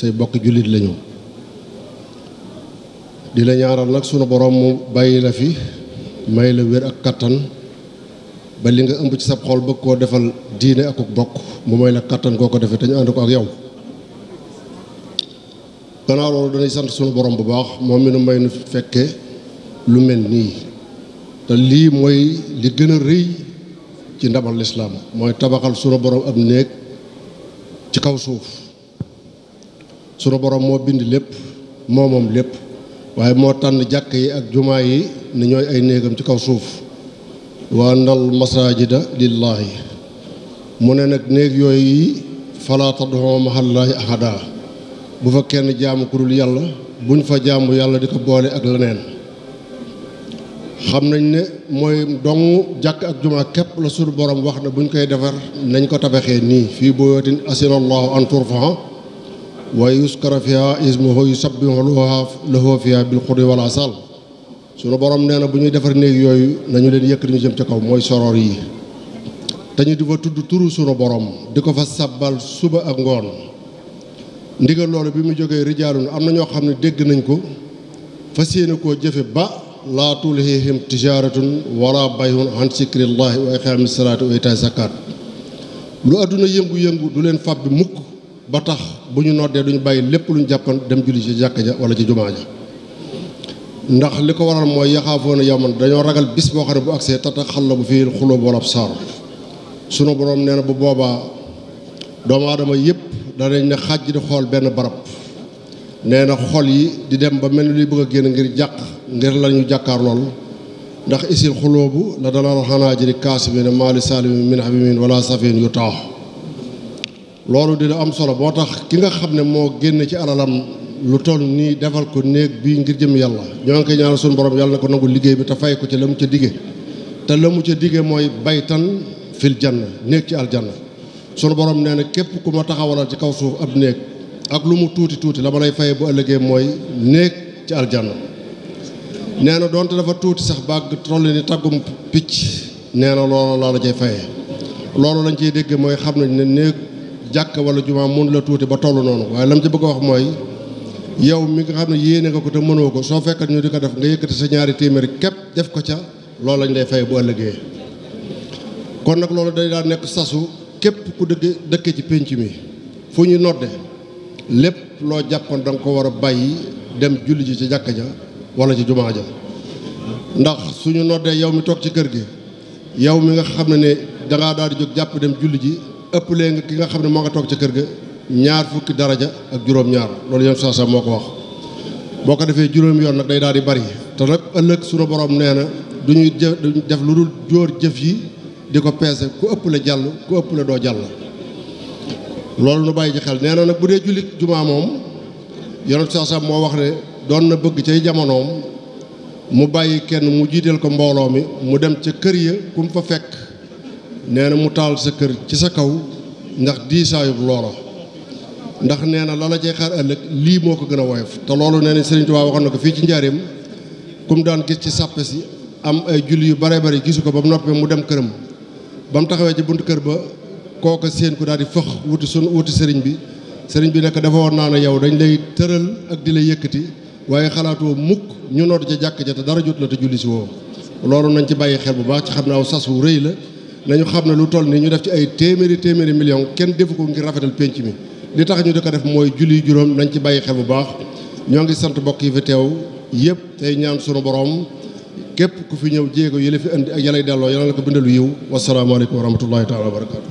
say bokk jullit lañu di la ñaaral nag sunu boroom mu bàyyi la fi may la wér ak kattan ba li nga ëmb ci sab xol bëgg koo defal diine ak bokk mu may la kattan koo ko defee te ñu ànd ko ak yow gannaaw loolu sant sunu borom bu baax moom mi nu may nu fekke lu mel nii te lii mooy li gën a rëy ci ndamal lislaam mooy tabaxal sunu boroom ak néeg ci kaw suuf sunu boroom moo bind lépp moo moom lépp waaye moo tànn jàkk yi ak jumaa yi ne ñooy ay néegam ci kaw suuf wa annal masajida lillaahi mu ne nag néeg yooyu falaa tad'uu mahallaahi ahada bu fa kenn jaamu ku dul yàlla buñ fa jaamu yàlla di ko boole ak leneen xam nañ ne mooy dong jàkk ak jumaa képp la sunu borom wax ne buñ koy defar nañ ko tabaxee nii fii buyootin asina allahu an turfaa waaye yuskara fiha ismuhu yusabbihu lahu fiha bil xuri wal asal sunu borom nee na bu ñuy defar néeg yooyu nañu leen yëkkati ñu jëm ci kaw mooy soroor yi te ñu di fa tudd turu sunu borom di ko fa sabbal suba ak ngoon ndigal loolu bi mu jógee rijaalun am na ñoo xam ne dégg nañ ko fas yéene ko jëfe ba laa tulhihim tijaratun wala bayhun an zikrillahi wa iqaami salaati wa itaay zakaat lu àdduna yëngu-yëngu du leen fab bi mukk ba tax bu ñu noddee duñu bàyyi lépp lu ñu jàppoon dem julli ci jàkka ja wala ci jumaa ja ndax li ko waral mooy yaxaafoona yawman dañoo ragal bis boo xam ne bu agsee tata xal la bu fii xulóob wala saar sunu boroom nee na bu boobaa doomu aadama yëpp danañ ne xàjj di xool benn barab nee na xol yi di dem ba mel ni luy bëgg a génn ngir jàq ngir la ñu jàkkaar lool ndax isil xulóobu la dana xanaa jëri kaas bi ne maali saalimi min habimin wala safin yu taax loolu dina am solo boo tax ki nga xam ne moo génn ci alalam lu toll nii defal ko néeg bii ngir jëm yàlla ñoo ngi koy ñaanal suñu borom yàlla na ko nangu liggéey bi te fay ko ci la mu ca digge te la mu ca digge mooy baytan fil janna néeg ci aljana sunu borom nee na képp ku ma taxawalal ci kaw suuf ab néeg ak lu mu tuuti tuuti la ma lay fayee ëllëgee mooy néeg ci aljanna nee na doonte dafa tuuti sax bagg toll ni tàggum picc nee na loolu laa la cay fayee loolu lañ ciy dégg mooy xam nañ ne néeg jàkk wala jumaa mun la tuuti ba toll noonu waaye lam ci bëgg a wax mooy yow mi nga xam ne yéene nga ko te mënoo ko soo fekkat ñu di ko def nga yëkkati sa ñaari téeméeri képp def ko ca loolu lañu day fay bu ëllëgee kon nag loolu day daa nekk sasu képp ku dëkk dëkke ci pénc mi fu ñu nodde lépp loo jàppoon da nga ko war a bàyyi dem julli ji ci jàkk ja wala ci jumaa ja ndax suñu noddee yow mi toog ci kër gi yow mi nga xam ne ne dangaa daal di jóg jàpp dem julli ji ëpp léegi ki nga xam ne moo nga toog ca kër ga ñaar fukki daraja ak juróom-ñaar loolu yoon saa saa moo ko wax boo ko defee juróom yoon nag day daal di bari te nag ëllëg sunu borom nee na du ñuy def lu dul jóor jëf yi di ko peese ku ëpp la jàll ku ëpp la doo jàll loolu nu bàyyi ci xel nee nag bu dee jullit jumaa moom yonent saa saa moo wax ne doon na bëgg cay jamonoom mu bàyyi kenn mu jiiteel ko mbooloo mi mu dem ca kër ya kum fa fekk nee na mu taal sa kër ci sa kaw ndax diisaayub loola ndax nee na loola cay xaar ëllëg lii moo ko gën a woyof te loolu nee na Sëriñ Tuubaa waxoon na ko fii ci njaareem kum daan gis ci sàppe si am ay julli yu bare bare gisu ko ba mu noppee mu dem këram ba mu taxawee ci buntu kër ba kooka séen ku daal di fëx wuti sun wuti sëriñ bi sëriñ bi nekk dafa woon naa na yow dañ lay tëral ak di la yëkkati waaye xalaatoo mukk ñu nootu ca jàkk ja te dara jot la te julli si woo loolu nañ ci bàyyi xel bu baax ci xam ne aw sas wu rëy la nañu xam na lu toll nii ñu def ci ay téeméeri téeméeri million kenn defu ko ngir rafetal pénc mi li tax ñu di ko def mooy julli juróom nañ ci bàyyi xel bu baax ñoo ngi sant mbokk yi fi teew yëpp tey ñaan sunu borom képp ku fi ñëw jéego yële fi indi ak yàlla delloo yàlla na ko bindalu yiw wasalaamaaleykum wa rahmatullahi taala wa barakatu